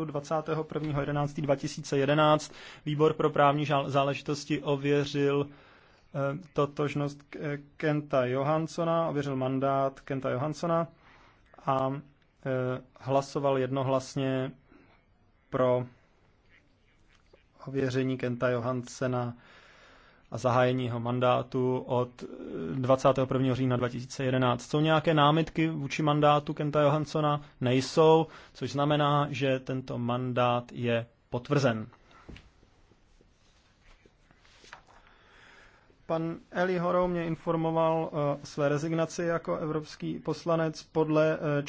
listopadu 21.11.2011 výbor pro právní záležitosti ověřil eh, totožnost eh, Kenta Johansona, ověřil mandát Kenta Johansona a eh, hlasoval jednohlasně pro ověření Kenta Johansena a zahájení jeho mandátu od 21. Eh, října 2011. Jsou nějaké námitky vůči mandátu Kenta Johansona? Nejsou, což znamená, že tento mandát je potvrzen. Pan Eli Horou mě informoval o eh, své rezignaci jako evropský poslanec podle eh,